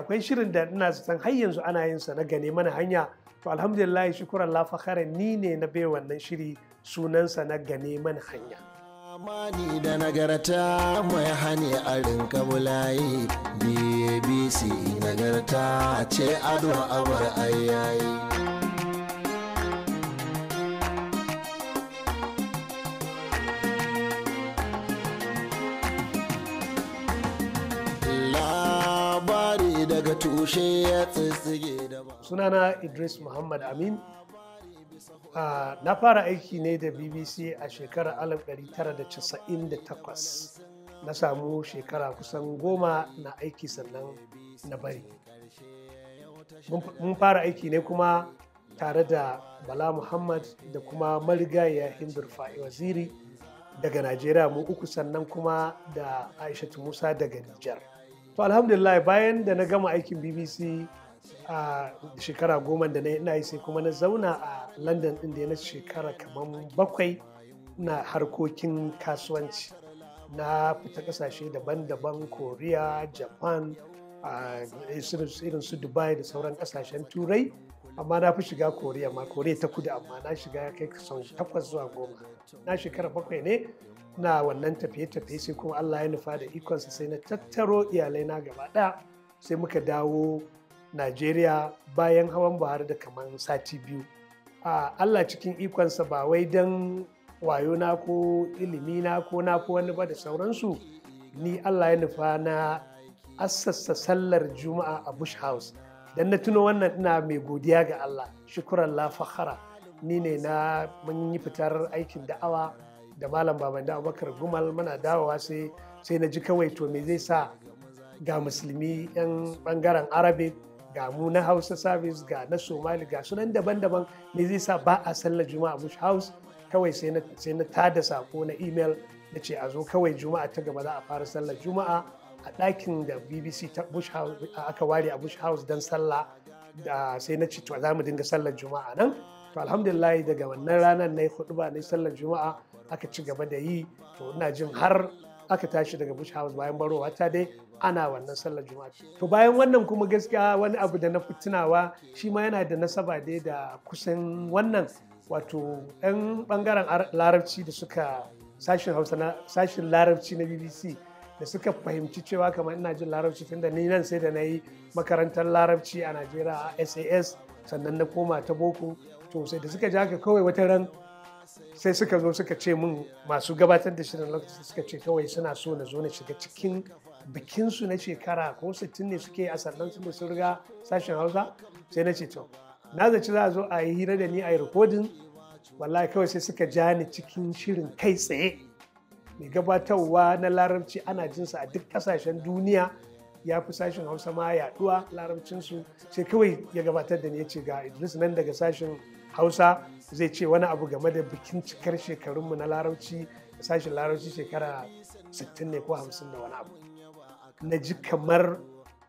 akwai shirin da ina san har yanzu ana yin sa na gane mana hanya to alhamdulillah shukura Allah fakhara ni ne na bai wannan shiri sunan sa na gane mana hanya amani da nagarta mai hani a rinka bulaye bbc nagarta ce ado abar ayayi tushe ya tsitsige da ba. Sunana Idris Muhammad Amin. Uh, na fara aiki ne da BBC a shekarar 1998. Na samu shekara kusan goma na aiki sannan na bari. Mun fara aiki ne kuma tare da Bala Muhammad da kuma marigaya Hindur Fa'i Waziri daga Najeriya mu uku sannan kuma da Aishatu Musa daga Nijar. to alhamdulillah bayan da na gama aikin bbc a shekara goma da na yi sai kuma na zauna a london din da ya na shekara kamar bakwai na harkokin kasuwanci na fita kasashe daban-daban korea japan irin su dubai da sauran kasashen turai amma na fi shiga koriya ma koriya ta kudu amma na shiga kai sau takwas zuwa goma na shekara bakwai ne na wannan tafiye-tafiye sai kuma allah ya nufa da ikonsa sai na tattaro iyalai na gaba ɗaya sai muka dawo najeriya bayan hawan buhari da kamar sati biyu allah cikin ikonsa ba wai don wayo na ko ilimi na ko na ko wani ba da sauransu ni allah ya nufa na assasa sallar juma'a a bush house don na tuno wannan ina mai godiya ga Allah shukuran la ni ne na mun yi fitar aikin da'awa da malam baban da Abubakar Gumal muna dawowa sai sai na ji kawai to me zai sa ga musulmi yan bangaren arabe ga mu na Hausa service ga na Somali ga sunan daban-daban me zai sa ba a sallar juma'a bush house kawai sai na tada sako na email na ce a zo kawai juma'a ta gaba za a fara sallar juma'a a ɗakin da bbc ta bush house aka ware a bush house don sallah da sai na ci to za mu dinga sallar juma'a nan to alhamdulillah daga wannan ranar na yi ba na sallar juma'a aka ci gaba da yi to ina jin har aka tashi daga bush house bayan barowa ta dai ana wannan sallar juma'a to bayan wannan kuma gaskiya wani abu da na tunawa shi ma yana da nasaba dai da kusan wannan wato 'yan bangaren larabci da suka sashin sashen larabci na bbc da suka fahimci cewa kamar ina jin larabci tunda ni nan sai da na yi makarantar larabci a najeriya a sas sannan na koma ta boko to sai da suka ji haka kawai wata ran sai suka zo suka ce min masu gabatar da shirin lokacin suka ce kawai suna so na zo na shiga cikin bikinsu na shekara ko sittin ne suke a sannan su sun riga sashen hausa sai na ce to na zaci za a zo a yi hira da ni a yi rikodin wallahi kawai sai suka ja ni cikin shirin kai tsaye mai gabatarwa na larabci ana jinsa a duk ƙasashen duniya ya fi sashen hausa ma yaduwa larabcinsu sai kawai ya gabatar da ni ya ce ga idris nan daga sashen hausa zai ce wani abu game da bikin cikar shekarunmu na larabci sashen larabci shekara 60 ne ko 50 da wani abu na ji kamar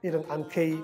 irin an kai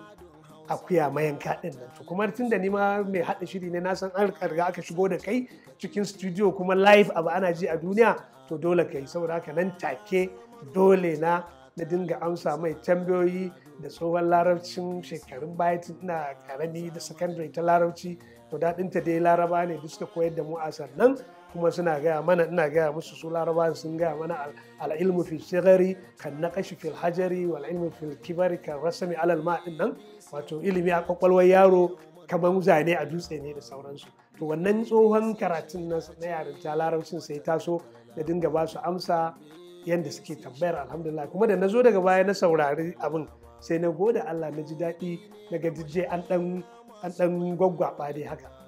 akuya mayanka din nan to kuma tun da ni ma mai haɗa shiri ne na san an riga aka shigo da kai cikin studio kuma live abu ana ji a duniya to dole kai saboda haka nan take dole na na dinga amsa mai tambayoyi da tsohon larabcin shekarun baya tun ina karami da secondary ta larabci to daɗinta dai laraba ne duk suka koyar da mu a sannan kuma suna gaya mana ina gaya musu su laraba sun gaya mana al'ilmu fil sigari kan naqashi fil hajari wal ilmu fil kibari kan rasami alal ma'in nan wato ilimi a kwakwalwar yaro kamar zane a dutse ne da sauransu to wannan tsohon karatun na ta larabcin sai ta so da dinga ba su amsa yadda suke tambayar alhamdulillah kuma da na zo daga baya na saurari abin sai na gode Allah na ji daɗi na ga an ɗan gwaggwaɓa dai haka